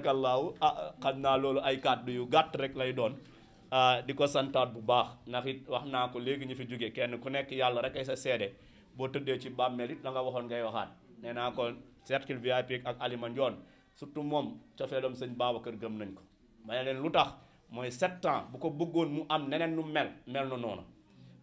tabaarakallaahu ah xam naa loolu ay kàddu yu gàtt rek lay doon ah, di ko santaat bu baax ndax it wax naa ko léegi ñu fi jóge kenn ku nekk yàlla rek ay sa seede boo tëddee ci bàmmeel it la nga waxoon ngay waxaat nee naa ko cercle VIP ak Alima Ndione surtout moom cofeelam sëñ kër gëm nañ ko ma ne leen lu tax mooy sept ans bu ko bëggoon mu am neneen lu mel mel na noonu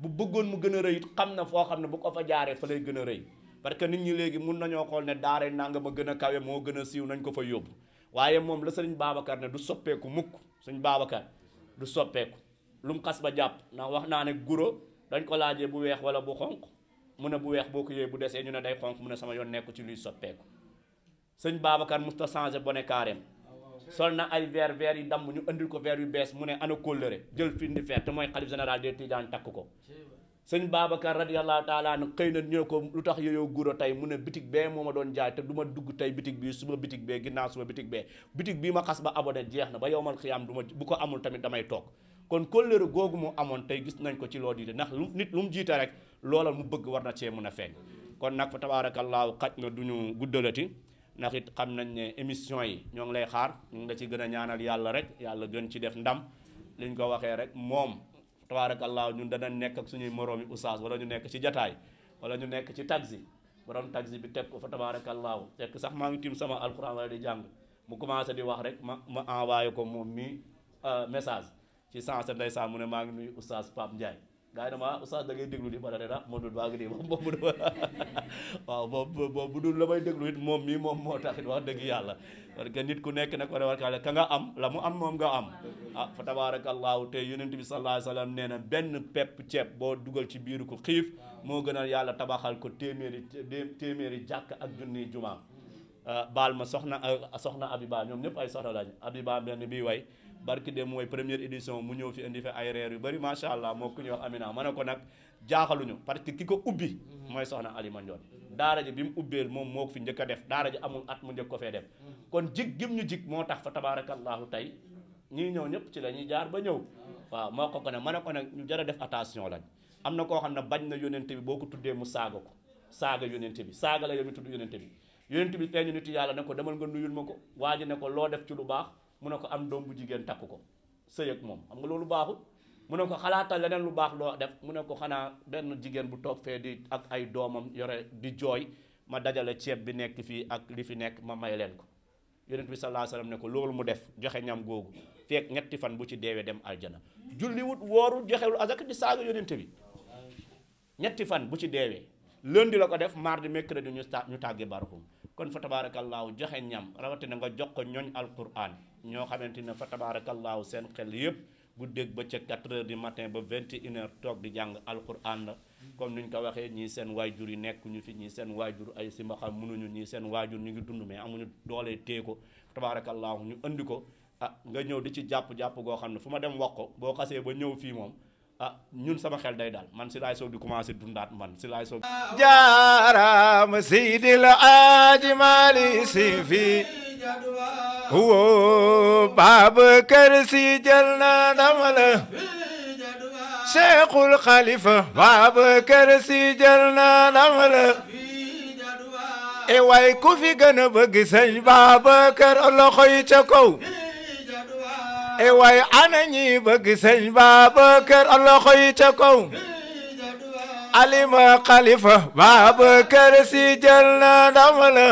bu bëggoon mu gën a rëy it xam na foo xam ne bu ko fa jaaree fa lay gën a rëy parce que nit ñi léegi mun nañoo xool ne daare nanga ma gën a kawe moo gën a nañ ko fa yóbbu waaye moom la sëriñ Babacar ne du soppeeku mukk suñ Babacar du soppeeku lu mu xas ba jàpp ndax wax naa ne guro dañ ko laajee bu weex wala bu xonq mu ne bu weex boo ko yooyu bu desee ñu ne day xonq mu ne sama yoon nekku ci luy soppeeku sëñ Babacar musta changé bonnet carré sol na ay verre verre yi damm ñu andil ko verre yu bees mu ne ana kóllëre jël firndi fer te mooy xalif général des Tidiane takk ko sëñ Babacar radiyallahu taala an xëy na ñoo ko lu tax yooyu guro tey mu ne bitig bee moo ma doon jaay te du ma dugg tey bitig bii suba bitig bee ginnaaw suba bitig bee bitig bii ma xas ba abonné jeex na ba yowmal xiyaam du ma bu ko amul tamit damay toog kon kóllëre googu mu amoon tey gis nañ ko ci loo diite ndax lu nit lu mu jiite rek loola mu bëgg war na cee mun a feeñ kon nag fa tabaarakallaahu xaj na du ñu guddalati ndax it xam nañ ne émission yi ñoo ngi lay xaar ñu nga la ci gën a ñaanal yàlla rek yàlla gën ci def ndam liñ ko waxee rek moom tabaarakallaahu ñun dana nekk ak suñuy moroomi oustaz wala ñu nekk ci jataay wala ñu nekk ci taxi borom taxi bi teg ko fa tabaarakallaahu tekk sax maa ngi tiim sama alquran wala di jàng mu commencé di wax rek ma ma envoyé ko moom mi euh, message ci sens ndeysaan mu ne maa ngi nuyu oustaz Pape Ndiaye gaa yi dama oustaz da ngay déglu di ma ne moo dul baa ngi nii waaw moom moom la may déglu it moom mii moom moo tax taxit wax dëgg yàlla parce que nit ku nekk nag war war kaa ka nga am la mu am moom nga am ah fa tabaarakallaahu te yonent bi sallallaahu alayhi wa sallam nee na benn pepp ceeb boo dugal ci biiru ko xiif moo gën a yàlla tabaxal ko téeméeri téeméeri jàkk ak junniy jumaa ah, baal ma soxna soxna Abiba ñoom ñëpp ay soxna lañ Abiba benn bii way barki dem mooy première édition mu ñëw fi indi fi ay reer yu bëri macha allah moo ku ñuy Amina ma ne ko nag jaaxaluñu parce que ki ko ubbi mooy soxna Alima Ndione daara ji bi mu ubbeel moom moo ko fi njëkk def daara ji amul at mu njëkk ko fee def kon jig gim ñu jig moo tax fa tabaarakallaahu tey ñii ñëw ñëpp ci la ñuy jaar ba ñëw waaw moo ko ko ne ma ne ko nag ñu jara def attention lañ am na koo xam ne bañ na yónente bi boo ko tuddee mu saaga ko saaga yónente bi saaga la yow mi tudd yónente bi yónente bi ko demal nga nuyul ma ko waa ji ko loo def ci baax mu ne ko am doom bu jigéen takk ko sëy ak moom xam nga loolu baaxul mu ne ko xalaatal leneen lu baax loo def mu ne ko xanaa benn jigéen bu toog fee di ak ay doomam yore di jooy ma dajale ceeb bi nekk fii ak li fi nekk ma may leen ko yonent bi sallallahu alayhi ne ko loolu mu def joxe ñam googu fekk ñetti fan bu ci deewee dem aljana julliwut wooru joxewul azaka di saaga yonent bi ñetti fan bu ci deewee lundi la ko def mardi mercredi ñu ñu tàgge barkum kon fa tabaarakallaahu joxe ñam rawatina nga jox ko ñooñ alquran ñoo xamante ne fa tabaarakallaahu seen xel yëpp guddeeg bëccëg 4 heures di matin ba 21 heures toog di jàng alquran la comme ni ñu ko waxee ñii seen waajur yi nekk ñu fi ñii seen waajur ay si mbaxam mënuñu ñii seen waajur ñu ngi dund mais amuñu doolee tée ko tabaarakallaahu ñu indi ko ah nga ñëw di ci jàpp-jàpp goo xam ne fu ma dem wax ko boo xasee ba ñëw fii moom ah ñun sama xel day daal man si laay soog di commencé dundaat man si laay soog ah, jaaraama seydil si fii woo Babacar si jël na dama la si jël na dama la e waay ku fi gën bëgg sëñ Babacar loxo yi ca e waay ana ñi bëgg sëñ Babacar loxo yi ca kaw alima xalifa Babacar si jël na ndam la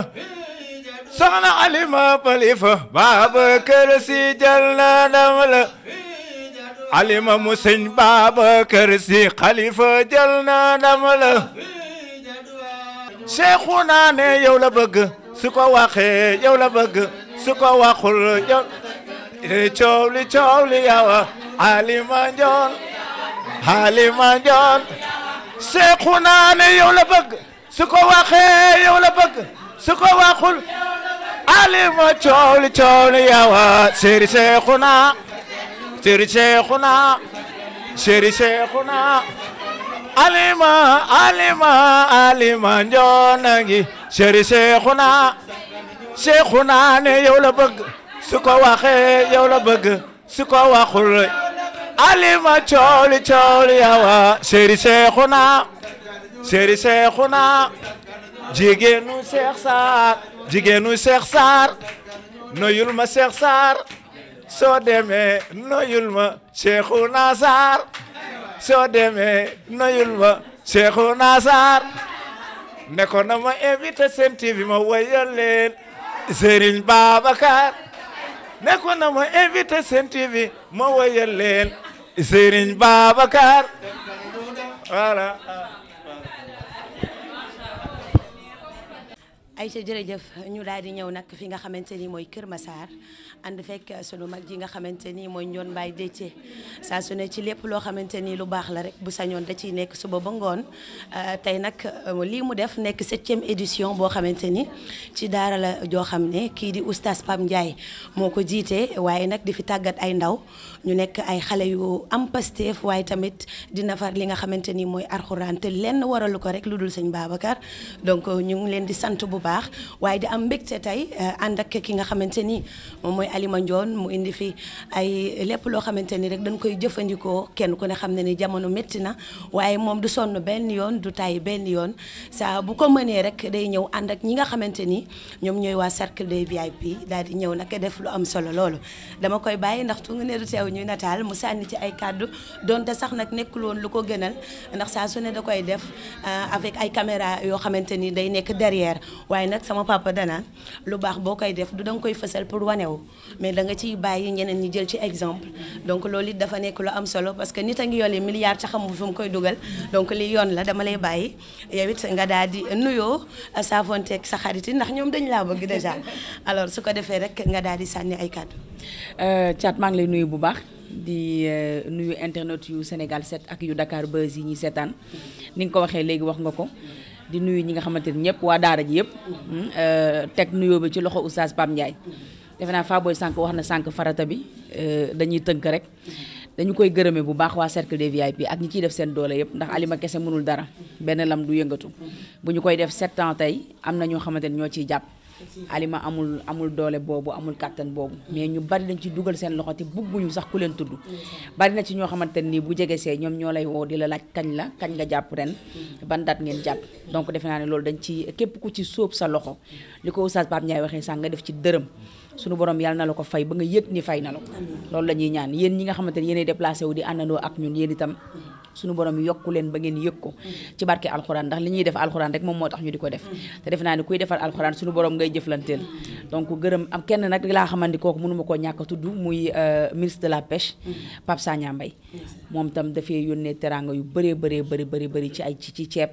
soxna alima xalifa Babacar si jël na ndam alima mu sëñ Babacar si xalifa jël na ndam la Seexuna ne la bëgg su ko waxee yow la bëgg su ko waxul yow coow li coow li yawa Halima Njoon Halima Njoon seexu naa ne yow ko waxee yow la bëgg ko waxul Halima coow li coow li yawa seri seexu naa seri seexu naa seri seexu naa Halima Halima Halima Njoon a ngi seri seexu su ko waxee yow la bëgg su ko waxul alima cooli cooli yawa séeri seexu naa séeri seexu naa jigéenu seex saar jigéenu seex saar noyul ma seex saar soo demee noyul ma seexu naa soo demee noyul ma seexu naa ne ko na ma invité seen TV ma leen Serigne Babacar ne ko na ma invité Sen TV ma woyal leen Serigne Babacar voilà Aïcha jëf ñu daal di ñëw nag fi nga xamante ni mooy Kër Massar ànd fekk sunu mag ji nga xamante ni mooy ñoon mbaay déccee saa su ne ci lépp loo xamante ni lu baax la rek bu sañoon da ciy nekk suba ba ngoon euh, tey nag euh, lii mu def nekk septième édition boo xamante ni ci daara la joo xam ne kii di oustaz Pam Ndiaye moo ko jiitee waaye nag di fi tàggat ay ndaw ñu nekk ay xale yu am pasteef waaye tamit di nafar li nga xamante ni mooy arxuraan te lenn waralu ko rek lu dul sëñ Babacar donc euh, ñu leen di sant bu baax baax waaye di am mbégte tey euh, ànd ak ki nga xamante ni moom mooy Alima Ndione mu indi fi ay lépp loo xamante ni rek dañ koy jëfandikoo kenn ku ne xam ne ni jamono métti na waaye moom du sonn benn yoon du tàyyi benn yoon saa bu ko mënee rek day ñëw ànd ak ñi nga xamante ni ñoom ñooy waa cercle des VIP daal di ñëw nag def lu am solo loolu dama koy bàyyi ndax tu nga ne du teew ñuy nataal mu sànni ci ay kàddu donte sax nag nekkuloon lu ko gënal ndax saa su ne da koy def euh, avec ay caméra yoo xamante ni day nekk derrière waaye nag sama papa danaan lu baax boo koy def du danga koy fësal pour wanewu mais da nga ciy bàyyi ñeneen ñi jël ci exemple donc loolu it dafa nekk lu am solo parce que nit a ngi yoolee milliards ca xamul fu mu koy dugal donc li yoon la dama lay bàyyi yow it nga daal di nuyoo saafonteeg sa xarit yi ndax ñoom dañ laa bëgg déjà alors su ko defee rek nga daal di sànni ay kàddu euh, Thiat maa ngi lay nuyu bu baax di euh, nuyu internet yu Sénégal 7 ak yu Dakar Buzz yi ñuy seetaan ni nga ko waxee léegi wax nga ko di nuyu ñi nga xamante ni ñëpp waa daara ji yëpp hmm, euh, teg nuyoo bi ci loxo oustaz Pam Ndiaye defe naa Faboy sànq wax na sànq farata bi euh, dañuy tënk rek dañu koy gërëmee bu baax waa cercle des VIP ak ñi ciy def seen doole yëpp ndax alima kese mënul dara benn lam du yëngatu bu ñu koy def sept tey am na ñoo xamante ni ñoo ciy jàpp alima amul amul doole boobu amul kàttan boobu mais ñu bari dañ ci dugal seen loxo te bugguñu sax ku leen tudd bari na ci ñoo xamante ni bu jege see ñoom ñoo lay woo di la laaj kañ la kañ nga jàpp ren ban date ngeen jàpp donc defe naa ne loolu dañ ci képp ku ci sóob sa loxo li ko oustaz Pape Ndiaye waxee sax nga def ci dërëm suñu borom yal na la ko fay ba nga yëg ni fay na la ko loolu la ñuy ñaan yéen ñi nga xamante ni yéenay déplacé wu di àndandoo ak ñun yéen itam suñu borom yokku leen ba ngeen yëg ko ci barke alxuraan ndax li ñuy def alxuraan rek moom moo tax ñu di ko def te def naa ni kuy defar alxuraan suñu borom ngay jëflanteel donc gërëm am kenn nag laa xamante kooku mënuma koo ñàkk a tudd muy euh, ministre de la pêche Pape Sagna Mbaye moom tam dafee yónnee teranga yu bëree bare bëri bëri bëri ci ay ci ci ceeb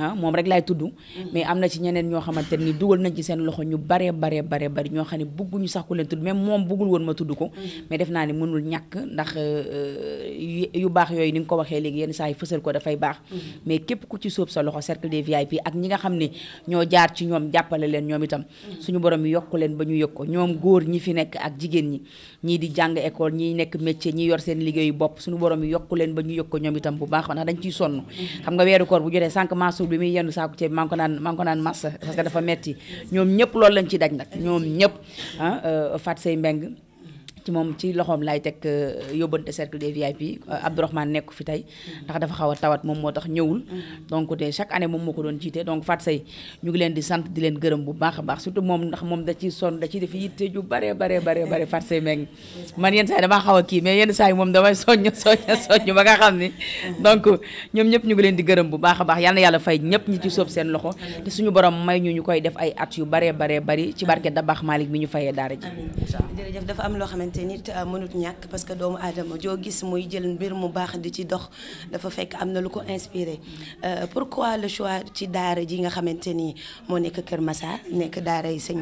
ah moom rek laay tudd. mais am na ci ñeneen ñoo xamante ni dugal nañ ci seen loxo ñu baree baree baree bari ñoo xam ne bugguñu sax ku leen tudd même moom buggul woon ma tudd ko. Mm-hmm. mais def naa ne mënul ñàkk ndax euh, euh, yu baax yooyu ni nga ko waxee léegi yenn saa yi fësal ko dafay baax. Mm-hmm. mais képp ku ci sóob sa loxo cercle des VIP ak ñi nga xam ne ñoo jaar ci ñoom jàppale leen ñoom itam. Mm-hmm. suñu borom yokk leen ba ñu yëg ko ñoom góor ñi fi nekk ak jigéen ñi ñii di jàng école ñii nekk métier ñii yor seen liggéeyu bopp suñu borom yokk leen ba ñu yëg ko ñoom itam bu baax ndax dañ ciy sonn xam nga weeru koor bu jotee sànq maa Mansour bi muy yendu saako ceeb maa ngi ko naan maa ko naan massa parce dafa metti ñoom ñëpp loolu lañ ci daj nag ñoom ñëpp ah euh, Fatou Seye Mbeng ci moom ci loxoom laay teg euh, yóbbante cercle des VIP euh, Abdourahmane nekk fi tey mm-hmm. ndax dafa xaw a tawat moom moo tax ñëwul mm-hmm. donc te chaque année moom moo ko doon jiite donc Fatou Seye ñu ngi leen di sant di leen gërëm bu baax a baax surtout moom ndax moom da ciy sonn da ciy def yitte ju bare bare bare bare Fatou Seye meeg man yenn saa yi damaa xaw a kii mais yenn saa yi moom damay soññ soññ soññ ba nga mm-hmm. ñoom ñëpp ñu ngi leen di gërëm bu baax a baax yal yàlla fay ñëpp ñi ci soob seen loxo te suñu borom may ñu ñu koy def at yu bare bare bari ci barke da baax Malick mi ñu fayee daara te nit euh, mënut ñàkk parce que doomu aadama joo gis muy jël mbir mu baax di ci dox dafa fekk am na lu ko pour euh, pourquoi le choix ci daara ji nga xamante ni moo nekk Kër Massar nekk daara yi sëñ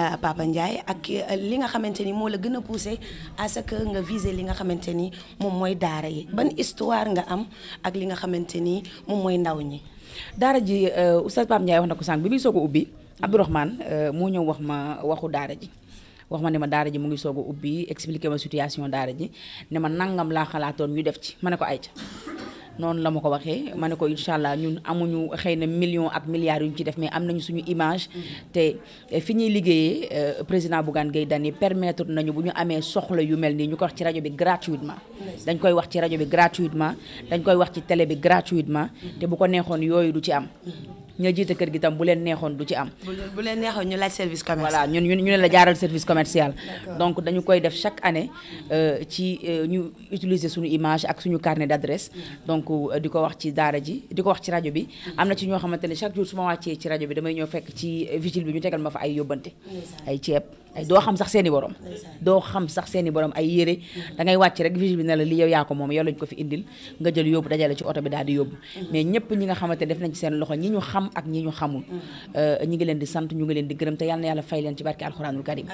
euh, Papa Ndiaye ak li nga xamante ni moo la gën a poussé à ce que nga viser li nga xamante ni moom mooy daara yi ban histoire nga am ak li nga xamante ni moom mooy ndaw ñi. daara ji Oustaz Papa Ndiaye wax na ko sànq bi muy soog a ubbi Abdourahmane moo ñëw wax ma waxu daara ji. wax ma ne ma daara ji mu ngi soog ubbi expliqué ma situation daara ji ne ma nangam laa xalaatoon ñu def ci ma ne ko ay ayca noonu la ma ko waxee ma ne ko incha allah ñun amuñu xëy na million ak milliards yu ñu ci def mais am nañu suñu image. te eh, fi ñuy liggéeyee eh, président Bougane Gueye Dany permettre nañu bu ñu amee soxla yu mel nii ñu ko wax ci rajo bi gratuitement. dañ koy wax ci rajo bi gratuitement dañ koy wax ci télé bi gratuitement. te bu ko neexoon yooyu du ci am. ñoo jiite kër gi tam bu leen neexoon du ci am. bu leen neexoon ñu laaj service commercial. voilà ñun ñu ne la jaaral service commercial. donc dañu koy def chaque année euh, ci euh, ñu utiliser suñu image ak suñu carnet d'adresse. Mm-hmm. donc euh, di ko wax ci daara ji di ko wax ci rajo bi. Mm-hmm. am na ci ñoo xamante ne chaque jour su ma wàccee ci rajo bi damay ñëw fekk ci vigile bi ñu tegal ma fa ay yóbbante. ay ceeb. ay doo xam sax seen i borom doo xam sax seen i borom ay yére da wàcc rek vigile bi la li yow yaa ko moom yow lañ ko fi indil nga jël yóbbu dajale ci oto bi daal di yóbbu mais ñëpp ñi nga xamante def nañ seen loxo ñi ñu xam ak euh, leen di sant ñu ngi leen di gërëm te yal na yàlla fay leen ci barke alxuraanul karim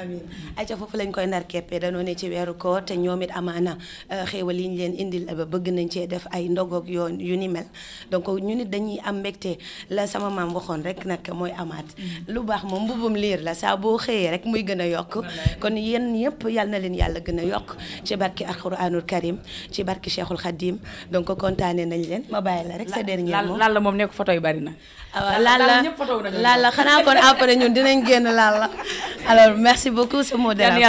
ay ca foofu lañ koy nar keppee danoo ci weeru koor te ñoom it amaana euh, xéewal yi leen indil ba bëgg nañ cee def ay ndogoog yoon yu ni mel donc ñu nit dañuy am mbégte la mm. a a yokk kon yéen yëpp yal na leen a yokk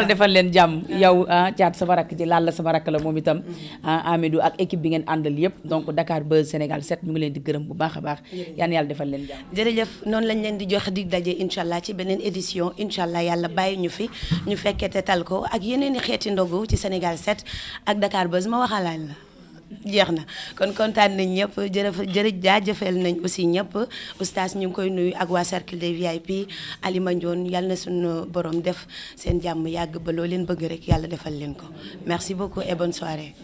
defal leen jàmm yow caat ah, sama rakk ji laala sama rakk la moom itam mm-hmm. ah, Amidou ak équipe bi ngeen àndal yëpp donc Dakar Buzz Sénégal 7 ñu ngi leen di gërëm bu baax a baax yaan yàlla defal leen jàmm jërëjëf noonu lañ leen di jox di daje incha ci beneen édition incha yàlla bàyyi ñu ñu fi ñu fekkee te tal ko ak yeneen i xeeti ndogu ci Sénégal set ak Dakar Buzz ma waxalaan la. jeex na kon kontaan nañ ñëpp jërëf jërë jaajëfal nañ aussi ñëpp oustaz ñu ngi koy nuyu ak waa cercle des VIP Alima Ndione yàlla na suñu borom def seen jàmm yàgg ba loo leen bëgg rek yàlla defal leen ko merci beaucoup et bonne soirée.